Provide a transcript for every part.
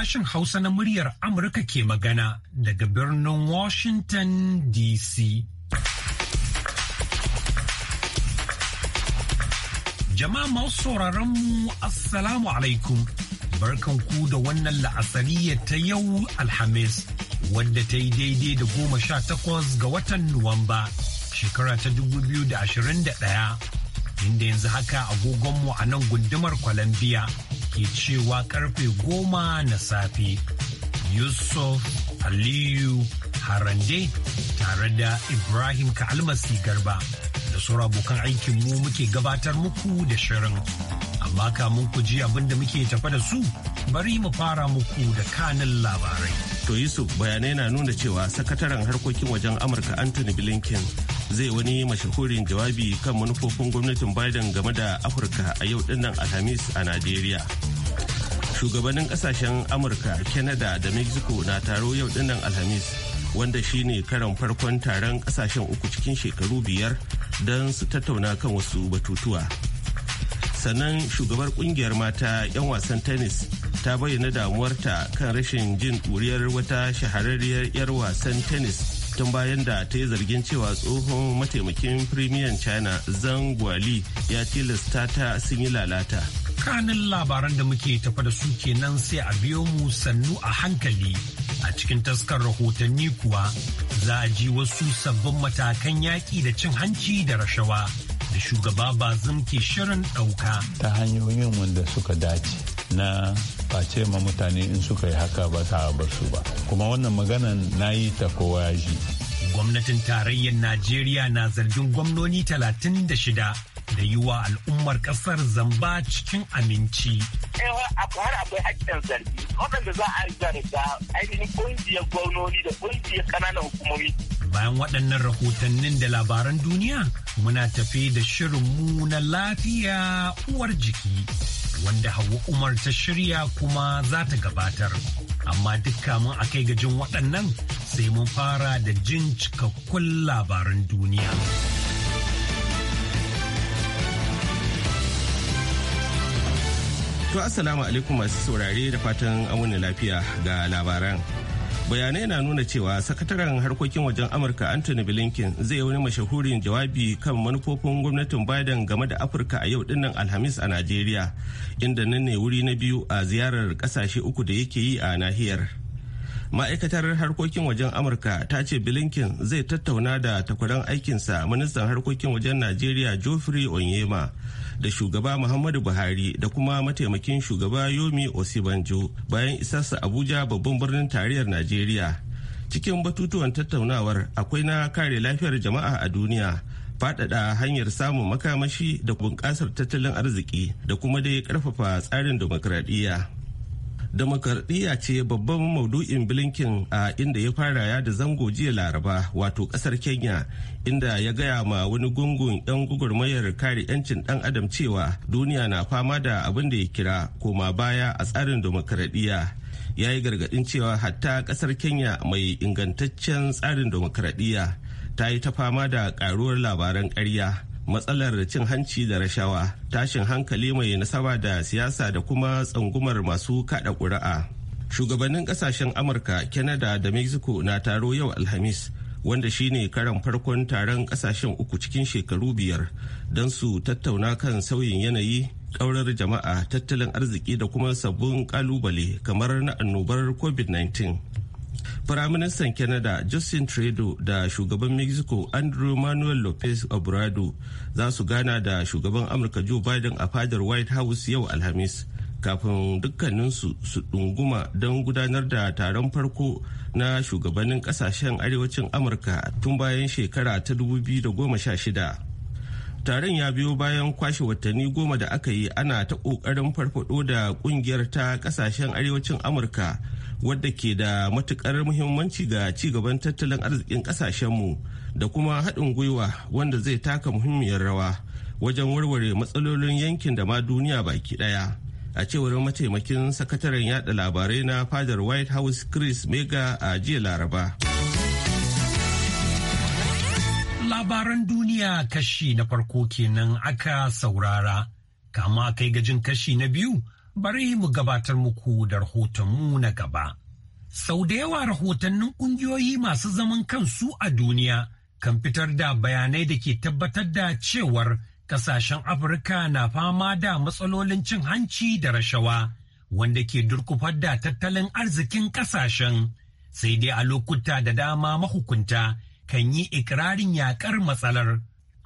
sashen Hausa na muryar Amurka ke magana daga birnin Washington DC. Jama'a masu mu Assalamu alaikum. Barkan ku da wannan la'asariya ta yau Alhamis, wadda ta yi daidai da goma sha takwas ga watan Nuwamba, shekara ta dubu biyu da ashirin da ɗaya, inda yanzu haka agogonmu a nan gundumar Colombia. ke cewa karfe goma na safe. Yusuf Aliyu Harande tare da Ibrahim kalmasi Garba da sauran abokan aikin mu muke gabatar muku da shirin. Amma kamun ku ji abin da muke tafa da su bari mu fara muku da kanin labarai. To Yusuf bayanai na nuna cewa sakataren harkokin wajen Amurka Anthony Blinken zai wani mashahurin jawabi kan manufofin gwamnatin Biden game da Afirka a yau dinnan Alhamis a Najeriya. shugabannin kasashen amurka canada da mexico na taro yau dinnan alhamis wanda shine karan farkon taron kasashen uku cikin shekaru biyar don su tattauna kan wasu batutuwa sannan shugabar kungiyar mata 'yan wasan tennis ta bayyana damuwarta kan rashin jin ɗuriyar wata shahararriyar 'yar wasan tennis tun bayan da ta yi zargin cewa tsohon mataimakin premier china zhang guali ya tilasta ta sun yi lalata kanin labaran da muke tafa da su kenan sai a biyo mu sannu a hankali a cikin taskar rahotanni kuwa za a ji wasu sabbin matakan yaƙi da cin hanci da rashawa da shugaba bazum ke shirin ɗauka. ta hanyoyin wanda suka dace na face ma mutane in suka yi haka ba ta bar su ba kuma wannan maganan na yi ta kowa gwamnatin tarayyar najeriya na zargin gwamnoni talatin da shida. da yi wa al'ummar kasar zamba cikin aminci. har akwai haƙƙin zargi waɗanda za a zarga ainihin ƙungiyar gwamnoni da ƙungiyar ƙananan hukumomi. Bayan waɗannan rahotannin da labaran duniya muna tafi da shirinmu na lafiya uwar jiki. wanda Hauwa Umar ta shirya kuma za ta gabatar. Amma dukka mun a kai gajin waɗannan sai mun fara da jin cikakkun labaran duniya. To Assalamu alaikum masu saurare da fatan amuni lafiya ga labaran. Bayanai na nuna cewa sakataren harkokin wajen Amurka Anthony Blinken zai wani mashahurin jawabi kan manufofin gwamnatin Biden game da Afirka a yau dinnan Alhamis a Najeriya, inda nan ne wuri na biyu a ziyarar kasashe uku da yake yi a nahiyar. Ma'aikatar harkokin wajen Amurka ta ce Blinken zai tattauna da takwaran aikinsa ministan harkokin wajen Najeriya Geoffrey Onyema. da shugaba Muhammadu Buhari da kuma mataimakin shugaba Yomi Osibanjo bayan isarsa Abuja babban birnin tarayyar Najeriya. Cikin batutuwan tattaunawar akwai na kare lafiyar jama'a a duniya, faɗaɗa hanyar samun makamashi da bunƙasar tattalin arziki da kuma dai ƙarfafa tsarin dimokuraɗiyya. Demokradiyya ce babban maudu'in Blinken a inda ya fara ya da zango jiya Laraba wato kasar Kenya inda ya gaya ma wani gungun 'yan gugurmayar kare 'yancin ɗan adam cewa duniya na fama da abin da ya kira koma baya a tsarin demokradiyya. Ya yi gargaɗin cewa hatta kasar Kenya mai ingantaccen tsarin demokradiyya ta yi ta fama da ƙaruwar labaran karya. matsalar cin hanci da rashawa tashin hankali mai nasaba da siyasa da kuma tsangumar masu kada ƙuri'a shugabannin ƙasashen amurka canada da mexico na taro yau alhamis wanda shine karan farkon taron ƙasashen uku cikin shekaru biyar don su tattauna kan sauyin yanayi ƙaurar jama'a tattalin arziki da kuma sabbin ƙalubale kamar na annobar covid-19 Firaministan Canada Justin Trudeau da shugaban Mexico Andrew Manuel Lopez Obrador za su gana da shugaban Amurka Joe Biden a fadar White House yau Alhamis kafin dukkaninsu su ɗunguma don gudanar da taron farko na shugabannin ƙasashen arewacin Amurka tun bayan shekara ta 2016. taron ya biyo bayan kwashe watanni goma da aka yi ana ta kokarin farfado da ƙungiyar ta ƙasashen arewacin amurka wadda ke da matukar muhimmanci ga ci gaban tattalin arzikin kasashenmu da kuma haɗin gwiwa wanda zai taka muhimmiyar rawa wajen warware matsalolin yankin da ma duniya baki ɗaya a cewar mataimakin sakataren yada labarai na fadar white house chris mega a jiya laraba labaran duniya kashi na farko kenan aka saurara kama kai gajin kashi na biyu bari mu gabatar muku da rahotonmu na gaba. Sau da yawa rahotannin ƙungiyoyi masu zaman kansu a duniya kan fitar da bayanai da ke tabbatar da cewar ƙasashen Afirka na fama da matsalolin cin hanci da rashawa wanda ke durkufar da tattalin arzikin ƙasashen. Sai dai a lokuta da dama mahukunta kan yi ikirarin yaƙar matsalar.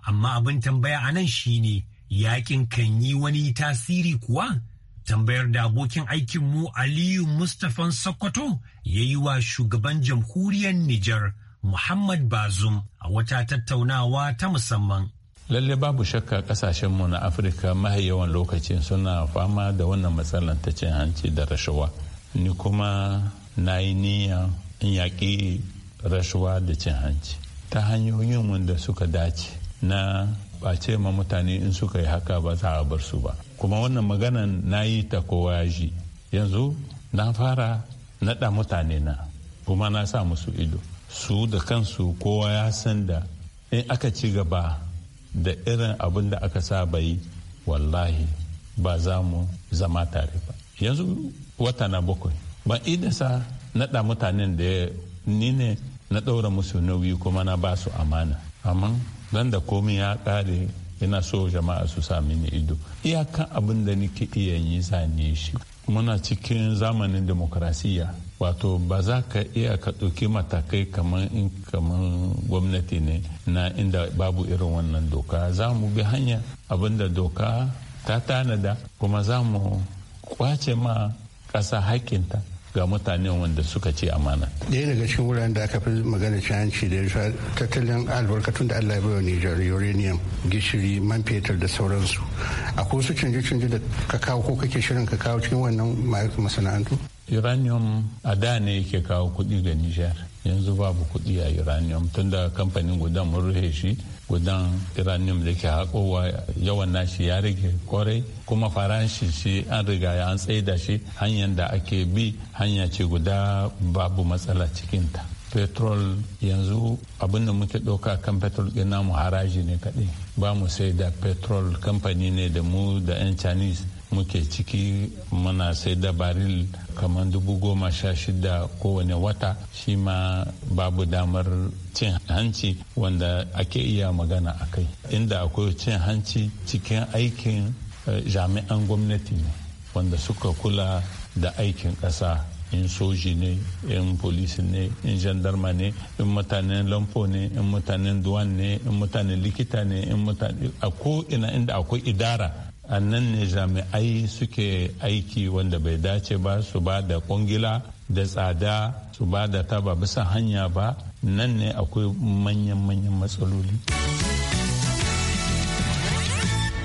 Amma abin tambaya a nan shine yaƙin kan yi wani tasiri kuwa? tambayar da abokin aikinmu aliyu mustapha sokoto ya yi wa shugaban jamhuriyar nijar muhammad bazum a wata tattaunawa ta musamman lalle babu shakka kasashenmu na afirka mahi yawan lokacin suna fama da wannan matsalar ta cin hanci da rashawa ni kuma na yi niyya in yaƙi rashawa da cin hanci ta hanyoyin wanda suka dace na ba ce ma mutane in suka yi haka ba za a bar su ba kuma wannan maganan na yi ta kowa ya ji yanzu na fara naɗa mutane na kuma na sa musu ido su da kansu kowa ya san da in aka ci gaba da irin abin da aka saba yi wallahi ba za mu zama tare ba yanzu wata na bakwai ban idasa naɗa mutanen da ni ne na ɗaura musu nauyi kuma na ba su amana amma nan da komi ya ƙare ina so jama'a su sami ni ido iyakan abin da nake iya yi zane shi muna cikin zamanin demokrasiya wato ba za ka iya ka ɗauki matakai kamar in kamar gwamnati ne na inda babu irin wannan doka za mu bi hanya abin da doka ta tanada kuma za mu kwace ma ƙasa haƙƙinta ga mutane wanda suka ce amana. Ɗaya daga cikin wuraren da aka fi magana ci hanci da yasa tattalin albarkatun da Allah ya bayo Nijar uranium gishiri man fetur da sauransu. Akwai wasu canje-canje da ka kawo ko kake shirin ka kawo cikin wannan masana'antu? Uranium a da ne yake kawo kuɗi ga Nijar. Yanzu babu kuɗi a uranium tunda kamfanin gudan mun rufe shi gudan uranium da ke haƙowa yawan nashi ya rage kwarai kuma faranshi shi an riga ya an tsaida shi hanyar da ake bi hanya ce guda babu matsala cikin ta. petrol yanzu abinda muke ɗauka kan petrol ɗin namu haraji ne kaɗai ba mu sai da petrol kamfani ne da mu da 'yan chinese muke ciki muna sai da baril kamar dubu goma sha shida kowane wata shi ma babu damar cin hanci wanda ake iya magana a kai inda akwai cin hanci cikin aikin eh, jami'an gwamnati ne wanda suka kula da aikin ƙasa in soji ne in polisi ne in jandarma ne in mutanen lampo ne in mutanen duwan ne in mutanen likita ne in mutane a ko ina inda akwai idara a nan ne jami'ai suke aiki wanda bai dace ba su ba da ƙungila da tsada su ba da taba bisa hanya ba nan ne akwai manyan-manyan matsaloli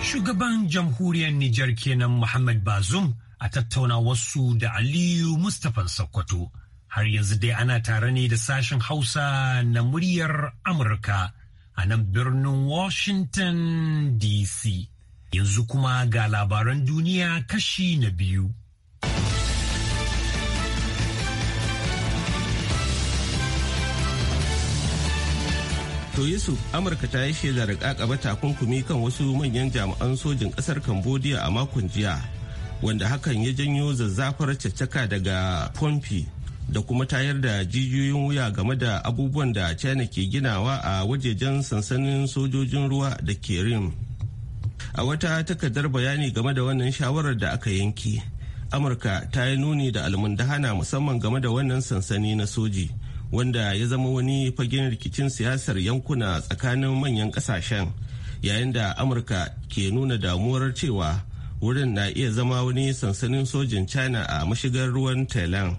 shugaban jamhuriyar nijar kenan muhammad bazum a tattauna wasu da aliyu mustapha sokoto har yanzu dai ana tare ne da sashen hausa na muryar amurka a nan birnin washington dc Yanzu kuma ga labaran duniya kashi na biyu. To Yusuf, Amurka ta yi shelar kakaba takunkumi kan wasu manyan jami'an sojin ƙasar Cambodia a makon jiya, wanda hakan ya janyo zazzafar caccaka daga Pompi da kuma tayar da jijiyoyin wuya game da abubuwan da China ke ginawa a wajejen sansanin sojojin ruwa da ke Rim. a wata takardar bayani game da wannan shawarar da aka yanke amurka ta yi nuni da almundahana musamman game da wannan sansani na soji wanda ya zama wani fagen rikicin siyasar yankuna tsakanin manyan kasashen yayin da amurka ke nuna damuwar cewa wurin na iya zama wani sansanin sojin china a mashigar ruwan thailand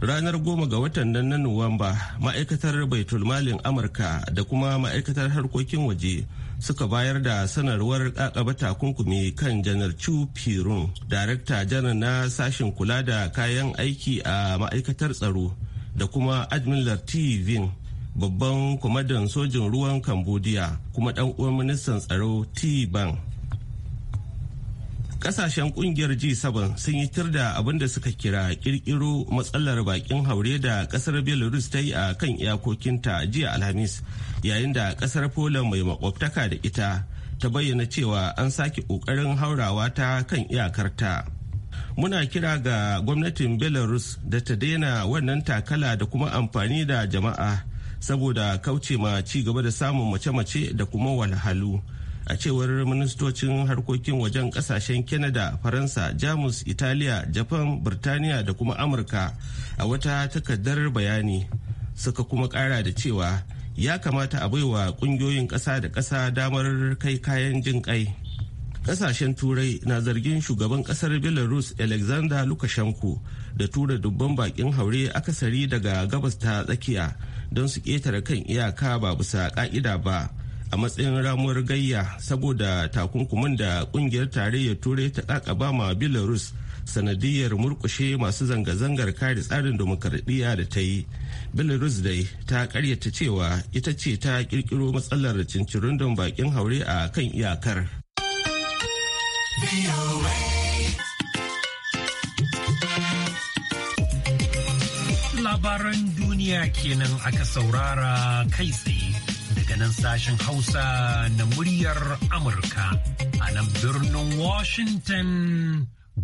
ranar goma ga watan nan na nuwamba ma'aikatar baitul amurka da kuma ma'aikatar harkokin waje suka bayar da sanarwar kakaba takunkumi kan janar chu pirun darakta janar na sashen kula da kayan aiki a ma'aikatar tsaro da kuma admiral tv babban kwamandan sojin ruwan cambodia kuma dan uwan ministan tsaro t bank kasashen kungiyar g7 sun yi tirda da abin da suka kira kirkiro matsalar bakin haure da kasar belarus ta yi a kan iyakokinta jiya alhamis yayin da kasar poland mai makwabtaka da ita ta bayyana cewa an sake kokarin haurawa ta kan iyakarta muna kira ga gwamnatin belarus da ta daina wannan takala da kuma amfani da jama'a saboda kauce ma ci gaba da samun mace-mace da kuma walhalu. a cewar ministocin harkokin wajen kasashen canada faransa jamus italiya japan birtaniya da kuma amurka a wata takardar bayani suka kuma kara da cewa ya kamata a baiwa kungiyoyin ƙasa da ƙasa damar kai kayan jin kai kasashen turai na zargin shugaban kasar belarus alexander lukashenko da tura dubban bakin haure akasari daga gabas ta tsakiya don su ketare kan iyaka ba bisa ka'ida ba a matsayin ramuwar gayya saboda takunkumin da kungiyar tarayyar turai ta kakaba ma belarus sanadiyar murkushe masu zanga-zangar kare tsarin demokaradiyya da ta yi belarus dai ta karyata cewa ita ce ta kirkiro matsalar cincirindon bakin haure a kan iyakar labaran duniya kenan aka saurara kai tsaye daga nan sashen Hausa na muryar Amurka a nan birnin Washington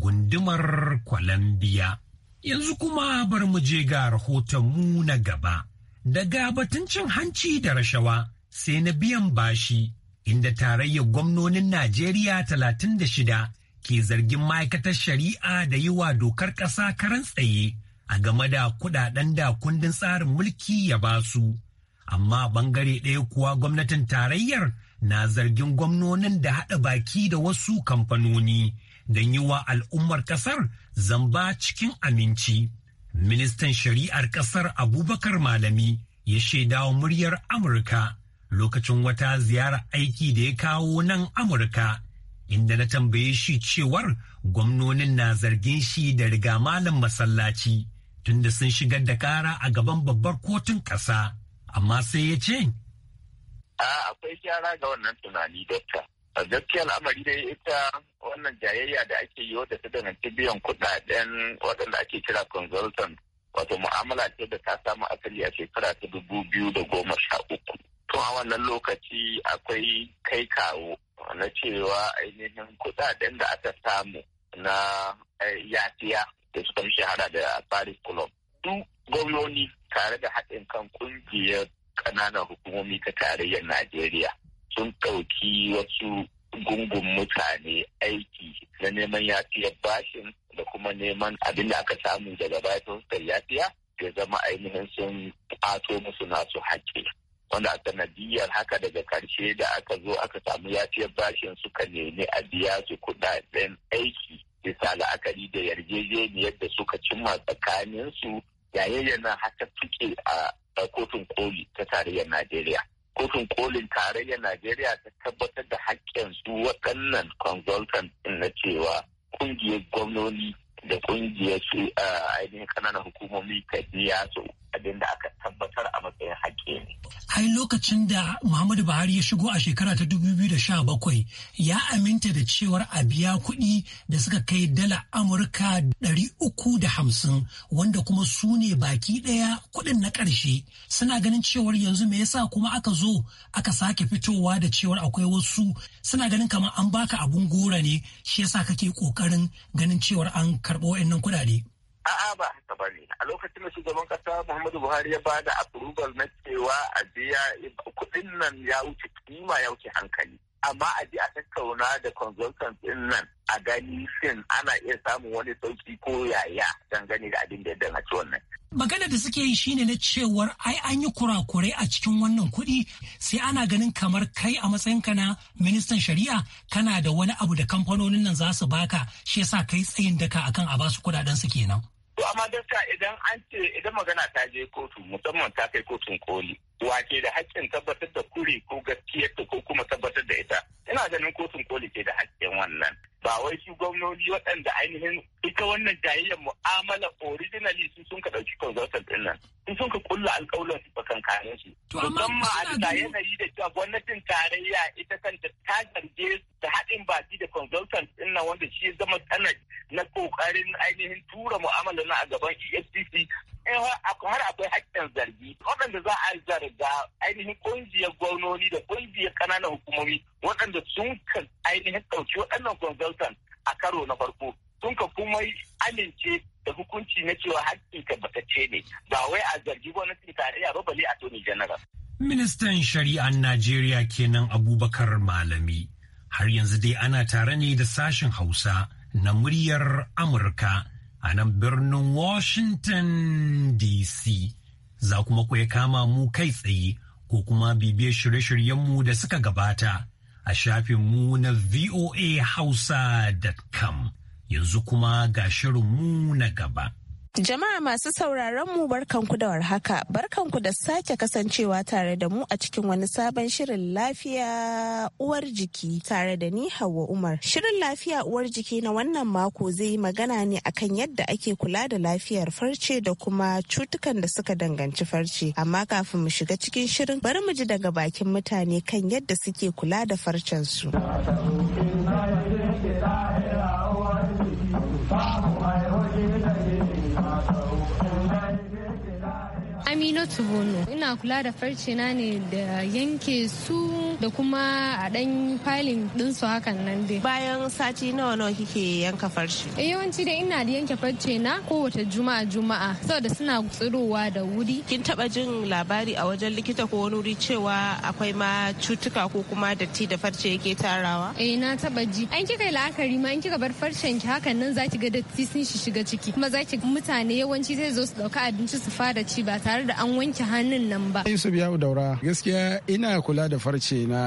gundumar Columbia. Yanzu kuma bar mu je ga rahoton mu na gaba. Daga batun cin hanci da rashawa sai na biyan bashi inda tarayyar gwamnonin Najeriya 36 ke zargin ma'aikatar shari'a da yi wa dokar ƙasa karan tsaye a game da kudaden da kundin tsarin mulki ya basu. amma bangare ɗaya kuwa gwamnatin tarayyar na zargin gwamnonin da haɗa baki da wasu kamfanoni don yi wa al'ummar ƙasar zamba cikin aminci. Ministan shari'ar ƙasar Abubakar Malami ya shaidawa muryar Amurka lokacin wata ziyarar aiki da ya kawo nan Amurka, inda na tambaye shi cewar gwamnonin na zargin shi da riga malam masallaci tunda sun shigar da kara a gaban babbar kotun ƙasa. amma sai ya ce. A akwai gyara ga wannan tunani dokta. A gaskiyar al'amari dai ita wannan jayayya da ake yi wadda ta danganci biyan kuɗaɗen waɗanda ake kira consultant wato mu'amala ce da ta samu asali a shekara ta dubu biyu da goma sha uku. Tun a wannan lokaci akwai kai kawo na cewa ainihin kudaden da aka samu na eh, yafiya da suka shahara da Paris Club. duk gwamnoni tare da haɗin kan ƙungiyar ƙananan hukumomi ta tarayyar Najeriya sun ɗauki wasu gungun mutane aiki na neman yafiyar bashin da kuma neman abin da aka samu daga bayan ta yafiya da zama ainihin sun ƙato musu nasu haƙƙi. Wanda a sanadiyar haka daga ƙarshe da aka zo aka samu yafiyar bashin suka nemi a biya su kuɗaɗen aiki yana la'akari da yarjejeniyar da suka cimma tsakaninsu su nan yana haka tuke a kotun koli ta tarayyar najeriya kotun kolin tarayyar najeriya ta tabbatar da haƙƙin su waɗannan consultant na cewa ƙungiyar gwamnoni da ƙungiyar su ainihin ƙananan hukumomi ta biya su abin da aka tabbatar a matsayin haƙƙi ne. Ai lokacin da Muhammadu Buhari ya shigo a shekara ta dubu 2017 ya aminta da cewar a biya kuɗi da suka kai dala Amurka uku da hamsin wanda kuma su ne baki ɗaya kuɗin na ƙarshe. Suna ganin cewar yanzu me yasa kuma aka zo aka sake fitowa da cewar akwai wasu suna ganin kamar an baka abun gora ne shi yasa kake ƙoƙarin ganin cewar an karɓo waɗannan kuɗaɗe. A'a ba haka ba ne. A lokacin da shugaban kasa Muhammadu Buhari ya ba da approval na cewa a biya kuɗin nan ya wuce kima ya wuce hankali. amma a ji a tattauna da consultant din nan a gani shin ana iya samun wani sauki ko yaya dangane da abin da ya wannan. Magana da suke yi shine na cewar ai an yi kurakurai a cikin wannan kuɗi sai ana ganin kamar kai a matsayinka na ministan shari'a kana da wani abu da kamfanonin nan za su baka shi yasa kai tsayin daka akan a basu kuɗaɗen su kenan. To amma gaskiya idan an ce idan magana ta je kotu musamman ta kai kotun koli wake da haƙƙin tabbatar da kuri ko gaskiyarta ko kuma tabbatar da ita ina ganin kotun koli ke da haƙƙin wannan ba wai su gwamnoni waɗanda ainihin ita wannan jayayyar mu'amala originally su sun ka ɗauki consultant ɗin nan su sun ka kulla alƙawlan su ba kankanin su musamman a da yanayi da cewa gwamnatin tarayya ita kanta ta zarge da haɗin baki da consultant ɗin nan wanda shi ya zama tsanar na ƙoƙarin ainihin tura mu'amala na a gaban EFCC eh, har akwai haƙƙin zargi waɗanda za a zarga ainihin ƙungiyar gwamnoni da ƙungiyar ƙananan hukumomi waɗanda sun kan ainihin ɗauki waɗannan consultant a karo na farko sun ka kuma amince da hukunci na cewa hakkin tabbatacce ne ba wai a zargi gwamnatin tarayya ba bale toni general. Ministan Shari'an Najeriya kenan Abubakar Malami. Har yanzu dai ana tare ne da sashen Hausa na muryar Amurka a nan birnin Washington DC. Za kuma kuwa kama mu kai tsaye ko kuma bibiye shirye-shiryenmu da suka gabata a mu na voahausa.com yanzu kuma ga mu na gaba. Jama'a masu sauraron mu barkanku da warhaka, barkanku da sake kasancewa tare da mu a cikin wani sabon shirin lafiya uwar jiki tare da ni Hauwa Umar. Shirin lafiya uwar jiki na wannan mako zai yi magana ne akan yadda ake kula da lafiyar farce da kuma cutukan da suka danganci farce. Amma kafin mu shiga cikin shirin bari mu ji daga bakin mutane kan yadda suke kula da farcen su. Aminatu Bono. Ina kula da farce ne da yanke su da kuma a dan filin su hakan nan dai bayan sati nawa nawa kike yanka farce eh, yawanci da ina da yanke farce na kowace juma'a juma'a saboda suna tsirowa da wuri kin taba jin labari a wajen likita ko wani wuri cewa akwai ma cutuka ko kuma datti da farce yake tarawa eh na taba ji an kika yi la'akari ma an kika bar farcen ki hakan nan zaki ga datti sun shi shiga ciki kuma zaki mutane yawanci sai zo su dauka abinci su fara ci ba tare da an wanke hannun nan ba Yusuf Yahu Daura gaskiya ina kula da farce na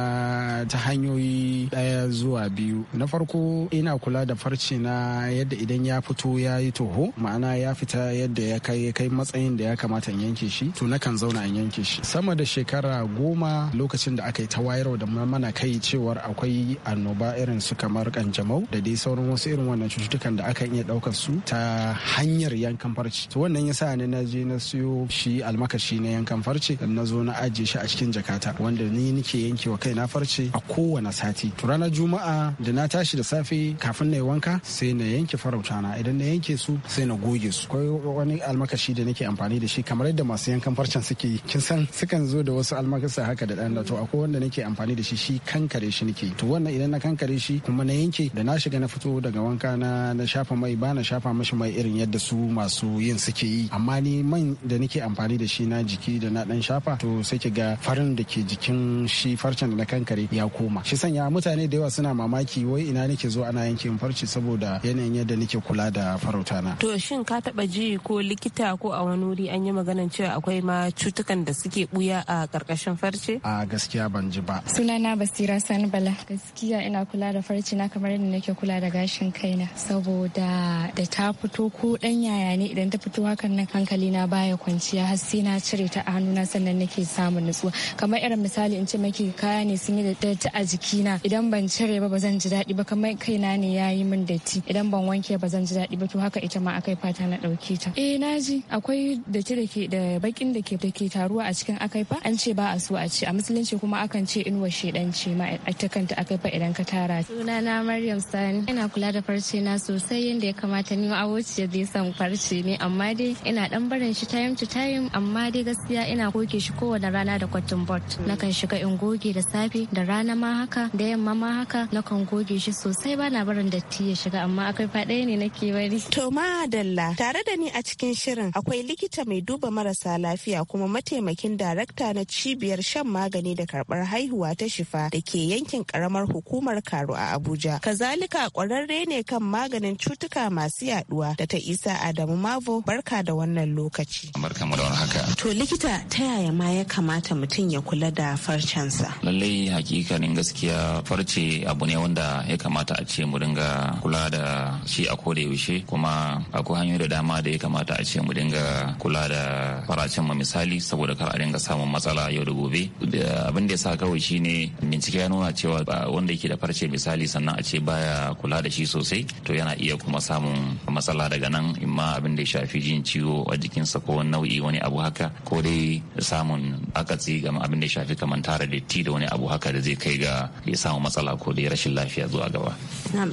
ta hanyoyi ɗaya zuwa biyu na farko ina kula da farce na yadda idan ya fito ya yi toho ma'ana ya fita yadda ya kai kai matsayin da ya kamata in yanke shi to na kan zauna in yanke shi sama da shekara goma lokacin da aka yi ta wayarwa da mana kai cewar akwai annoba irin su kamar kanjamau da dai sauran wasu irin wannan cututtukan da aka iya ɗaukar su ta hanyar yankan farce to wannan yasa ni na je na siyo shi almakashi na yankan farce na zo na ajiye shi a cikin jakata wanda ni nike yankewa wa na farce a kowane sati to ranar juma'a da na tashi da safe kafin na yi wanka sai na yanke farauta na idan na yanke su sai na goge su akwai wani almakashi da nake amfani da shi kamar yadda masu yankan farcen suke yi kin san sukan zo da wasu almakasa haka da dan to akwai wanda nake amfani da shi shi kankare shi nake to wannan idan na kankare shi kuma na yanke da na shiga na fito daga wanka na na shafa mai ba na shafa mashi mai irin yadda su masu yin suke yi amma ni man da nake amfani da shi na jiki da na dan shafa to sai ki ga farin da ke jikin shi farcen farcen da na kankare ya koma shi sanya mutane da yawa suna mamaki wai ina nake zo ana yanke farce saboda yanayin yadda nake kula da farauta na to shin ka taba ji ko likita ko a wani wuri an yi maganan cewa akwai ma cutukan da suke buya a karkashin farce a gaskiya ban ji ba sunana basira sani bala gaskiya ina kula da farce na kamar yadda nake kula da gashin kaina saboda da ta fito ko dan yaya ne idan ta fito hakan nan hankali na baya kwanciya har sai na cire ta a hannuna sannan nake samun nutsuwa kamar irin misali in ce maki kaya ne sun yi da a jikina idan ban cire ba ba zan ji daɗi ba kamar kaina ne ya yi min datti idan ban wanke ba zan ji daɗi ba to haka ita ma akai fata na ɗauke ta eh ji akwai datti da ke da baƙin da ke da ke taruwa a cikin akai fa an ce ba a so a ce a musulunci kuma akan ce inuwa ce ma ta kanta akai fa idan ka tara suna na Maryam Sani ina kula da farce na sosai yadda ya kamata ni awociyar zai san farce ne amma dai ina dan barin shi time to time amma dai gaskiya ina goge shi kowane rana da cotton na kan shiga in goge da safe da rana ma haka da yamma ma haka nakan goge shi sosai bana barin datti ya shiga amma akwai faɗaya ne nake bari. To madalla tare da ni a cikin shirin akwai likita mai duba marasa lafiya kuma mataimakin darakta na cibiyar shan magani da karɓar haihuwa ta shifa da ke yankin karamar hukumar karu a Abuja. Kazalika ƙwararre ne kan maganin cutuka masu yaduwa da ta isa Adamu Mavo barka da wannan lokaci. Barka mu da haka. To likita ta yaya ma ya kamata mutum ya kula da farcensa? lallai hakikanin gaskiya farce abu ne wanda ya kamata a ce mu dinga kula da shi a koda yaushe kuma akwai hanyoyi da dama da ya kamata a ce mu dinga kula da faracin mu misali saboda kar a dinga samun matsala yau da gobe abin da ya sa kawai shine bincike ya nuna cewa wanda yake da farce misali sannan a ce baya kula da shi sosai to yana iya kuma samun matsala daga nan imma abin da ya shafi jin ciwo a jikinsa ko nau'i wani abu haka ko dai samun akatsi ga abin da ya shafi kamar tara datti da wani abu haka da zai kai ga ya samu matsala ko da rashin lafiya zuwa gaba.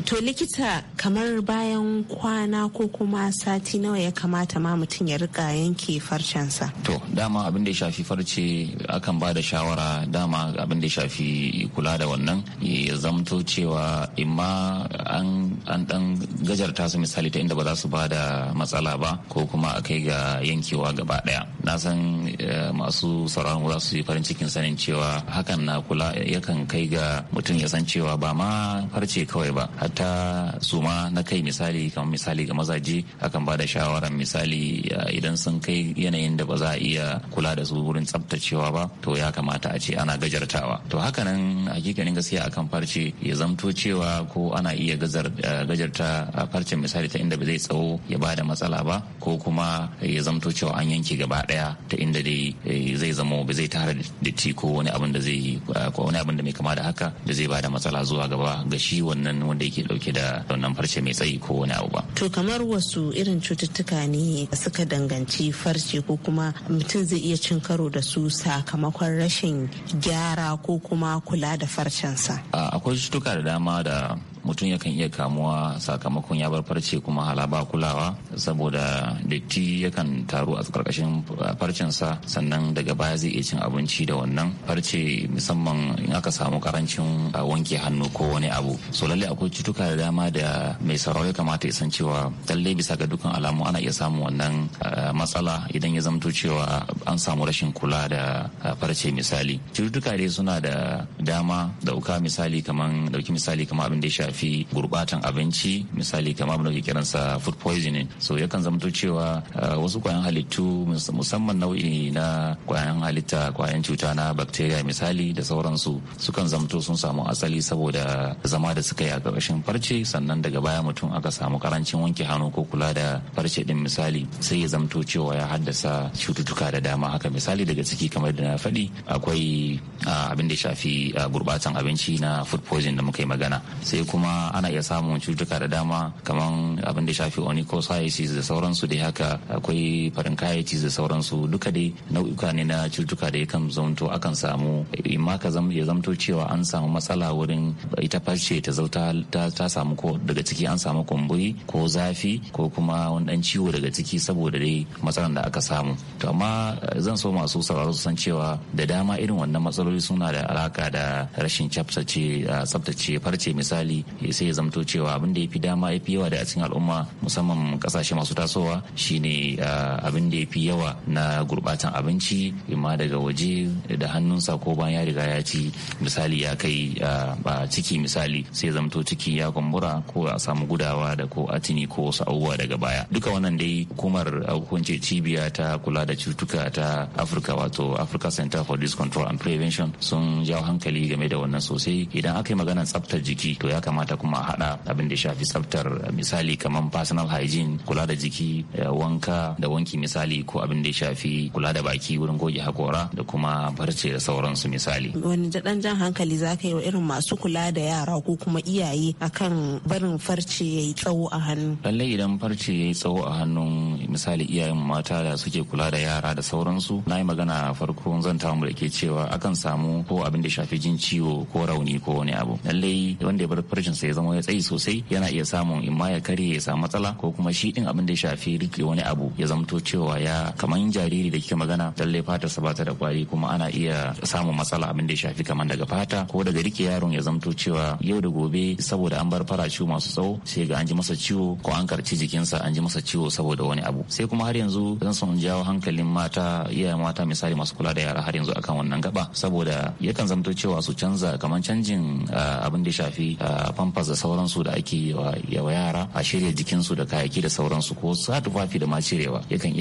To likita kamar bayan kwana ko kuma sati nawa ya kamata ma mutum ya rika yanke farcensa. To dama abin da ya shafi farce akan ba da shawara dama abin da ya shafi kula da wannan ya zamto cewa imma an dan gajarta su misali ta inda ba za su ba da matsala ba ko kuma a kai ga yankewa gaba daya. Na san eh, masu sauraron za su yi farin cikin sanin cewa hakan ana kula yakan kai ga mutum ya san cewa ba ma farce kawai ba hatta su ma na kai misali kamar misali ga mazaje akan ba da shawarar misali idan sun kai yanayin da ba za a iya kula da su wurin tsaftacewa ba to ya kamata a ce ana gajartawa to hakanan hakikanin gaskiya akan farce ya zamto cewa ko ana iya eh, gajarta farcen misali ta inda ba zai tsawo ya ba da matsala ba ko kuma ya zamto cewa an yanke gaba daya ta inda dai eh, zai zamo ba zai tara da ko wani abin da zai yi. hatsari eh, ko wani abin da mai kama da haka da zai bada matsala zuwa gaba ga shi wannan wanda yake dauke da wannan farce mai tsayi ko wani abu ba. To kamar wasu irin cututtuka ne suka danganci farce ko kuma mutum zai iya cin karo da su sakamakon rashin gyara ko kuma kula da farcensa. Ah, akwai cututtuka da dama da mutum yakan iya kamuwa sakamakon ya bar farce kuma hala ba kulawa saboda datti yakan taru a karkashin farcensa sannan daga baya zai iya cin abinci da wannan farce musamman in aka samu karancin wanke hannu ko wani abu so lalle akwai cutuka da dama da mai sarau ya kamata ya san cewa lalle bisa ga dukkan alamu ana iya samun wannan matsala idan ya zamto cewa an samu rashin kula da farce misali cututtuka dai suna da dama dauka misali kaman dauki misali kamar abin da ya shafi gurbatan abinci misali kamar abin da ke kiransa food poisoning so yakan zamto cewa uh, wasu kwayan halittu musamman nau'i na kwayan halitta kwayan cuta na bacteria misali da sauransu sukan zamto sun samu asali saboda zama da suka yi a gabashin farce sannan daga baya mutum aka samu karancin wanke hannu ko kula da farce din misali sai ya zamto cewa ya haddasa cututtuka da dama haka misali daga ciki kamar da na faɗi akwai uh, abin da ya shafi uh, gurbatan abinci na food poisoning da muka yi magana sai kuma kuma ana iya samun cututtuka da dama kamar abin da shafi onychosiasis da sauransu da haka akwai farin pharyngitis da sauransu duka dai nau'uka ne na cututtuka da yakan zamto akan samu imma ka ya zamto cewa an samu matsala wurin ita farce ta zauta ta samu ko daga ciki an samu kumburi ko zafi ko kuma wani dan ciwo daga ciki saboda dai matsalan da aka samu to amma zan so masu sauraro su san cewa da dama irin wannan matsaloli suna da alaka da rashin tsaftace tsaftace farce misali sai ya zamto cewa abin da ya fi dama ya fi yawa da a cikin al'umma musamman kasashe masu tasowa shine ah, abin da ya fi yawa na gurbatan abinci imma daga waje da hannunsa ko bayan ya riga ya ci misali ya kai ah, ba ciki misali sai zamto ciki ya kumbura ko a samu gudawa da ko atini ko wasu abubuwa daga baya duka wannan dai hukumar hukunce ah, cibiya ta kula da cutuka ta afirka wato africa center for disease control and prevention sun jawo hankali game da wannan sosai idan aka yi maganar tsaftar jiki to ya kamata kamata kuma a haɗa abin da shafi tsaftar eh, misali kamar personal hygiene kula da jiki eh, wanka da wanki misali ko abin da ya shafi kula da baki wurin goge hakora da kuma barce da sauransu misali. Wani daɗan jan hankali za ka yi wa irin masu kula da yara ko kuma iyaye akan barin farce ya yi tsawo a hannu. Lallai idan farce ya yi tsawo a hannun misali iyayen mata da suke kula da yara da sauransu na yi magana farko zan ta mu da ke cewa akan samu ko abin da shafi jin ciwo ko rauni ko wani abu. Lallai wanda ya bar farce kasuwancinsa ya zama ya tsayi sosai yana iya samun ma ya kare ya samu matsala ko kuma shi din abin da ya shafi rike wani abu ya zamto cewa ya kaman jariri da kike magana lalle fata sa bata da kwari kuma ana iya samun matsala abin da ya shafi kaman daga fata ko daga rike yaron ya zamto cewa yau da gobe saboda an bar farashi masu tsawo sai ga an ji masa ciwo ko an karci jikinsa an ji masa ciwo saboda wani abu sai kuma har yanzu zan son jawo hankalin mata iya mata misali masu kula da yara har yanzu akan wannan gaba saboda yakan zamto cewa su canza kamar canjin ah, abin da ya shafi ah, famfas da sauransu da ake yi wa yara a shirya jikinsu da kayaki da sauransu ko sa tufafi da ma cirewa yakan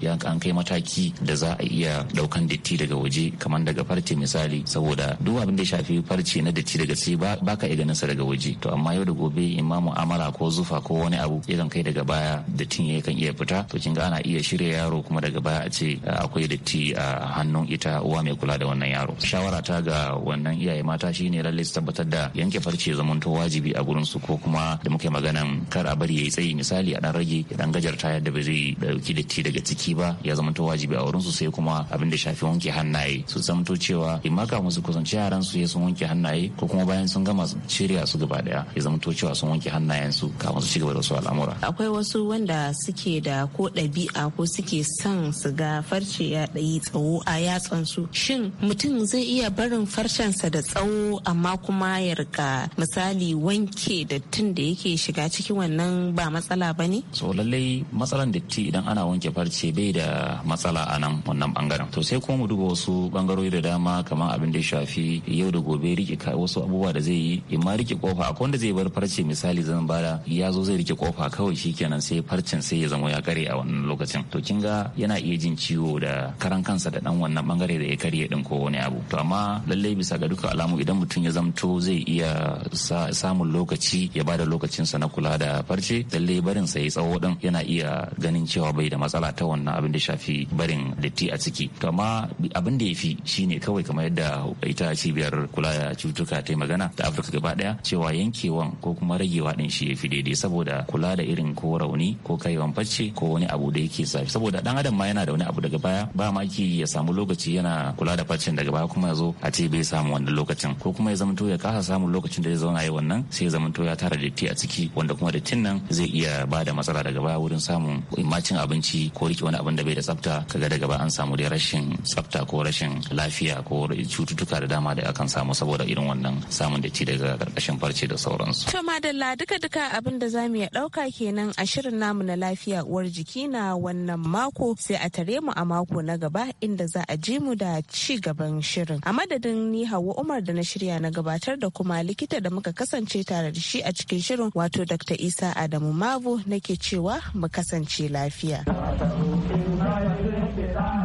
iya an kai mataki da za a iya ɗaukan datti daga waje kamar daga farce misali saboda duk abin da shafi farce na datti daga sai ba ka iya ganin sa daga waje to amma yau da gobe imamu mu'amala ko zufa ko wani abu yakan kai daga baya dattin ya kan iya fita to kin ga ana iya shirya yaro kuma daga baya a ce akwai datti a hannun ita uwa mai kula da wannan yaro shawara ta ga wannan iyaye mata shine lallai su tabbatar da yanke farce zamanto zamanto wajibi a gurin su ko kuma da muke maganan kar a bari yayi tsayi misali a dan rage ya dan gajarta yadda ba zai dauki datti daga ciki ba ya zamanto wajibi a wurin su sai kuma abin da shafi wanke hannaye su zamto cewa imma kafin su kusanci yaran su ya sun wanke hannaye ko kuma bayan sun gama shirya su gaba daya ya zama to cewa sun wanke hannayen su kafin su ci gaba da su al'amura akwai wasu wanda suke da ko ɗabi'a ko suke son su ga farce ya ɗayi tsawo a yatsan su shin mutum zai iya barin farcensa da tsawo amma kuma ya riga misali misali wanke dattin da yake shiga cikin wannan ba matsala ba ne? so lallai matsalan datti idan ana wanke farce bai da matsala a nan wannan bangaren to sai kuma mu duba wasu bangarori da dama kamar abin da ya shafi yau da gobe rike wasu abubuwa da zai yi in ma rike kofa akwai wanda zai bar farce misali zan bada ya zo zai rike kofa kawai shikenan sai farcen sai ya zama ya kare a wannan lokacin to kin ga yana iya jin ciwo da karan kansa da dan wannan bangare da ya karye din ko wani abu to amma lallai bisa ga duka alamu idan mutum ya zamto zai iya sa samun lokaci ya bada lokacinsa na kula da farce lalle barin sa ya tsawo din yana iya ganin cewa bai da matsala ta wannan abin da shafi barin datti a ciki to abin da ya fi shine kawai kamar yadda ita cibiyar kula da cututtuka ta magana ta africa gaba daya cewa yankewan ko kuma ragewa din shi ya fi daidai saboda kula da irin ko rauni ko kaiwan farce ko wani abu da yake sa saboda dan adam ma yana da wani abu daga baya ba ma ki ya samu lokaci yana kula da farcen daga baya kuma ya zo a ce bai samu wannan lokacin ko kuma ya zamanto ya kasa samun lokacin da ya zauna yi wannan sai zamanto ya tara datti a ciki wanda kuma dattin nan zai iya ba da matsala daga baya wurin samun macin abinci ko rike wani abin da bai da tsafta kaga daga ba an samu dai rashin tsafta ko rashin lafiya ko cututtuka da dama da akan samu saboda irin wannan samun datti daga karkashin farce da sauransu. To madalla duka duka abin da mu iya ɗauka kenan a shirin namu na lafiya uwar jiki na wannan mako sai a tare mu a mako na gaba inda za a ji mu da ci gaban shirin. A madadin ni Hauwa Umar da na shirya na gabatar da kuma likita da muka kasa kasance tare da shi a cikin shirin wato Dr. Isa Adamu Mavu nake cewa mu kasance lafiya.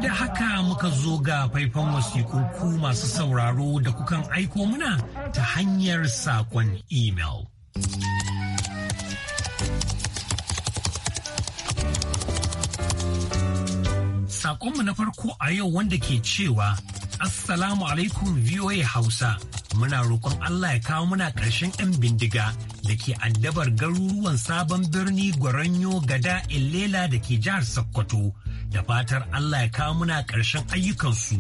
Da haka muka zo ga faifan wasikuku masu sauraro da kukan aiko muna ta hanyar saƙon email. Saƙonmu na farko a yau wanda ke cewa Assalamu alaikum VOA Hausa. Muna roƙon Allah ya kawo muna ƙarshen 'yan bindiga da ke addabar garuruwan sabon birni Gwaranyo Gada ilela da ke jihar Sokoto. Da fatar Allah ya kawo muna ƙarshen ayyukansu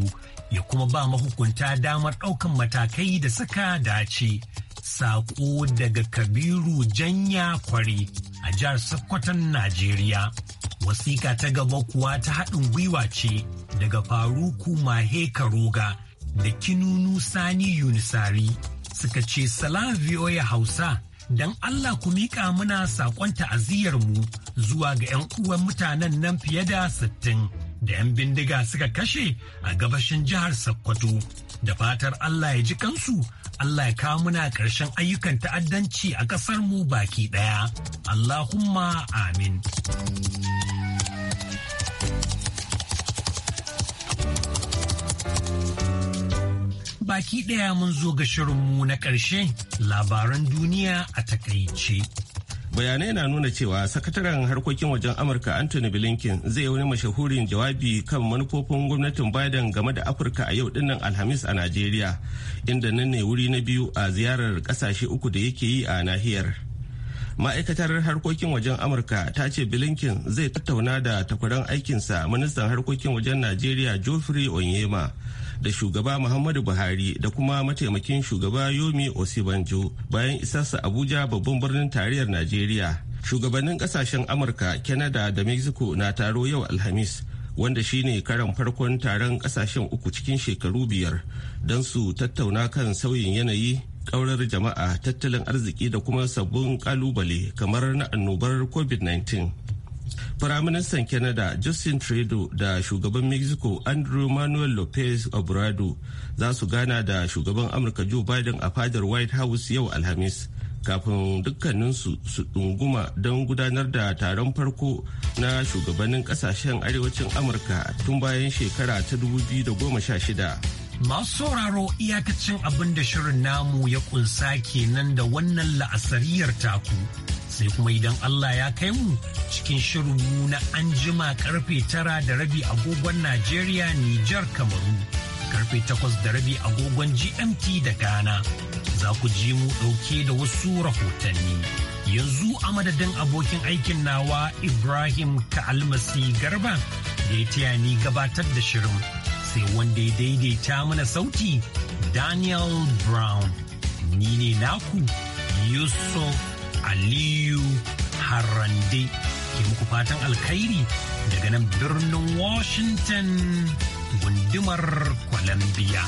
ya kuma ba mahukunta damar ɗaukan matakai da suka dace. Saƙo daga Kabiru Janya Kwari a jihar Sokoton Najeriya. Wasiƙa ta gaba kuwa ta haɗin gwiwa ce. daga faruku mahe karoga da kinunu sani yunisari suka ce salam voa hausa don allah ku miƙa muna saƙon mu zuwa ga 'yan uwan mutanen nan fiye da sittin da 'yan bindiga suka kashe a gabashin jihar sokoto da fatar allah ya ji kansu Allah ya kawo muna ƙarshen ayyukan ta'addanci a mu baki ɗaya. Allahumma amin. baki ɗaya mun zo ga shirinmu na ƙarshe labaran duniya a takaice. bayanai na nuna cewa sakataren harkokin wajen amurka anthony blinken zai wani mashahurin jawabi kan manufofin gwamnatin biden game da afirka a yau dinnan alhamis a najeriya inda nan ne wuri na biyu a ziyarar kasashe uku da yake yi a nahiyar ma'aikatar harkokin wajen amurka ta ce blinken zai tattauna da takwaran aikinsa ministan harkokin wajen najeriya geoffrey onyema da shugaba Muhammadu Buhari da kuma mataimakin shugaba Yomi Osibanjo bayan isarsa Abuja babban birnin tarayyar Najeriya. Shugabannin kasashen Amurka, Canada da Mexico na taro yau Alhamis wanda shi ne karan farkon taron kasashen uku cikin shekaru biyar don su tattauna kan sauyin yanayi kaurar jama'a tattalin arziki da kuma sabbin kalubale kamar na annobar covid-19 Firaministan Canada Justin Trudeau da shugaban Mexico Andrew Manuel Lopez Obrador za su gana da shugaban Amurka Joe Biden a fadar White House yau Alhamis kafin dukkaninsu su ɗunguma don gudanar da taron farko na shugabannin ƙasashen arewacin Amurka tun bayan shekara ta 2016. Masu sauraro iyakacin abin da shirin namu ya kunsa kenan da wannan la'asariyar taku. Sai kuma idan Allah ya kai mu cikin shirinmu na anjima karfe tara da rabi agogon Najeriya Nijar Kamaru. Karfe takwas da rabi agogon GMT da Ghana. Za ku ji mu ɗauke da wasu rahotanni. Yanzu a madadin abokin aikin nawa Ibrahim Ka'almasi Garba da ya taya ni gabatar da shirin. sai wanda ya daidaita mana sauti Daniel Brown. Ni ne naku Yusuf Aliyu Harande ke muku fatan alkhairi daga nan birnin Washington gundumar Columbia.